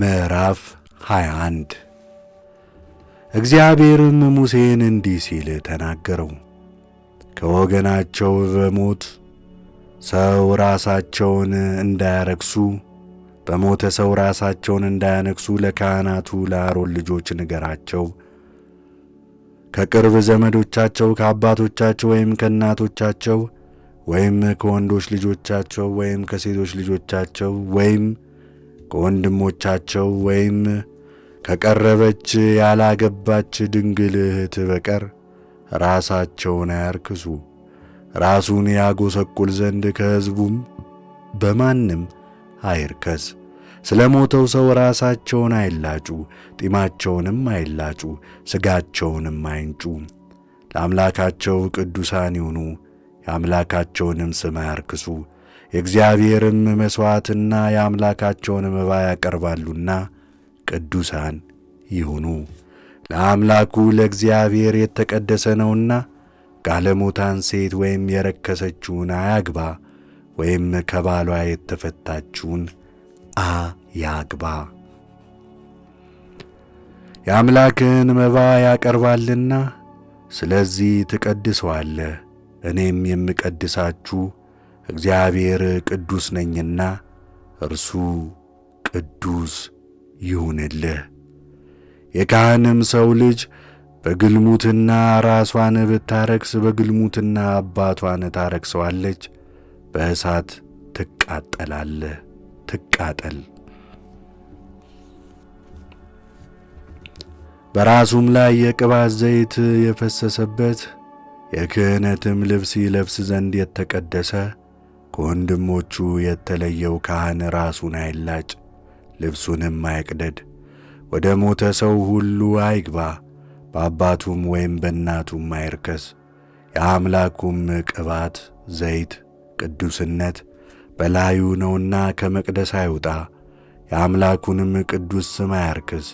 ምዕራፍ 21 እግዚአብሔርም ሙሴን እንዲህ ሲል ተናገረው። ከወገናቸው በሞት ሰው ራሳቸውን እንዳያረክሱ በሞተ ሰው ራሳቸውን እንዳያነክሱ ለካህናቱ ለአሮን ልጆች ንገራቸው። ከቅርብ ዘመዶቻቸው ከአባቶቻቸው ወይም ከእናቶቻቸው ወይም ከወንዶች ልጆቻቸው ወይም ከሴቶች ልጆቻቸው ወይም ከወንድሞቻቸው ወይም ከቀረበች ያላገባች ድንግል እህት በቀር ራሳቸውን አያርክሱ። ራሱን ያጎሰቁል ዘንድ ከሕዝቡም በማንም አይርከስ። ስለ ሞተው ሰው ራሳቸውን አይላጩ፣ ጢማቸውንም አይላጩ፣ ሥጋቸውንም አይንጩ። ለአምላካቸው ቅዱሳን ይሁኑ፣ የአምላካቸውንም ስም አያርክሱ። የእግዚአብሔርም መሥዋዕትና የአምላካቸውን መባ ያቀርባሉና ቅዱሳን ይሁኑ። ለአምላኩ ለእግዚአብሔር የተቀደሰ ነውና ጋለሞታን ሴት ወይም የረከሰችውን አያግባ፣ ወይም ከባሏ የተፈታችውን አያግባ። የአምላክህን መባ ያቀርባልና፣ ስለዚህ ትቀድሰዋለህ። እኔም የምቀድሳችሁ እግዚአብሔር ቅዱስ ነኝና እርሱ ቅዱስ ይሁንልህ። የካህንም ሰው ልጅ በግልሙትና ራሷን ብታረክስ በግልሙትና አባቷን ታረክሰዋለች፣ በእሳት ትቃጠላለህ። ትቃጠል። በራሱም ላይ የቅባት ዘይት የፈሰሰበት የክህነትም ልብስ ይለብስ ዘንድ የተቀደሰ ከወንድሞቹ የተለየው ካህን ራሱን አይላጭ፣ ልብሱንም አይቅደድ፣ ወደ ሞተ ሰው ሁሉ አይግባ፣ በአባቱም ወይም በእናቱም አይርከስ። የአምላኩም ቅባት ዘይት ቅዱስነት በላዩ ነውና ከመቅደስ አይውጣ፣ የአምላኩንም ቅዱስ ስም አያርክስ።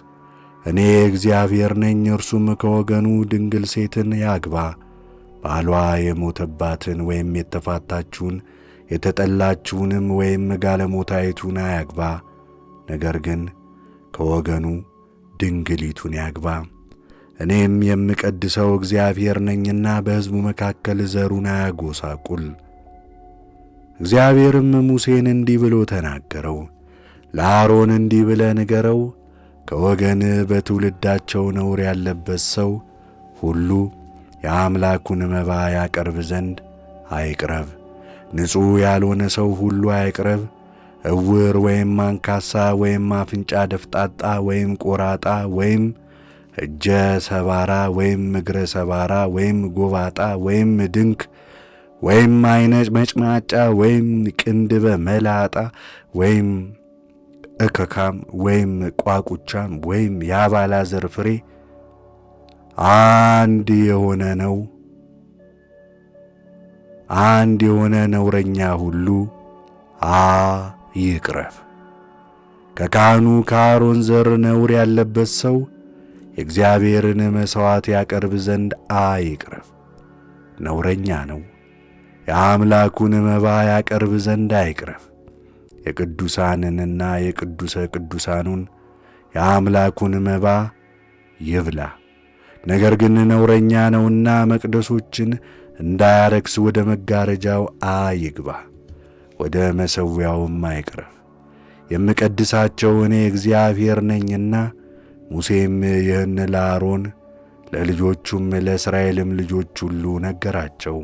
እኔ እግዚአብሔር ነኝ። እርሱም ከወገኑ ድንግል ሴትን ያግባ። ባሏ የሞተባትን ወይም የተፋታችውን የተጠላችውንም ወይም ጋለሞታይቱን አያግባ፣ ነገር ግን ከወገኑ ድንግሊቱን ያግባ። እኔም የምቀድሰው እግዚአብሔር ነኝና በሕዝቡ መካከል ዘሩን አያጎሳቁል። እግዚአብሔርም ሙሴን እንዲህ ብሎ ተናገረው፣ ለአሮን እንዲህ ብለ ንገረው፣ ከወገን በትውልዳቸው ነውር ያለበት ሰው ሁሉ የአምላኩን መባ ያቀርብ ዘንድ አይቅረብ ንጹሕ ያልሆነ ሰው ሁሉ አይቅረብ። እውር ወይም አንካሳ ወይም አፍንጫ ደፍጣጣ ወይም ቆራጣ ወይም እጀ ሰባራ ወይም እግረ ሰባራ ወይም ጎባጣ ወይም ድንክ ወይም አይነ መጭማጫ ወይም ቅንድበ መላጣ ወይም እከካም ወይም ቋቁቻም ወይም የአባላ ዘር ፍሬ አንድ የሆነ ነው። አንድ የሆነ ነውረኛ ሁሉ አ ይቅረፍ። ከካህኑ ከአሮን ዘር ነውር ያለበት ሰው የእግዚአብሔርን መሥዋዕት ያቀርብ ዘንድ አይቅረብ። ነውረኛ ነው። የአምላኩን መባ ያቀርብ ዘንድ አይቅረፍ። የቅዱሳንንና የቅዱሰ ቅዱሳኑን የአምላኩን መባ ይብላ። ነገር ግን ነውረኛ ነውና መቅደሶችን እንዳያረክስ ወደ መጋረጃው አይግባ፣ ወደ መሠዊያውም አይቅረብ። የምቀድሳቸው እኔ እግዚአብሔር ነኝና። ሙሴም ይህን ለአሮን ለልጆቹም ለእስራኤልም ልጆች ሁሉ ነገራቸው።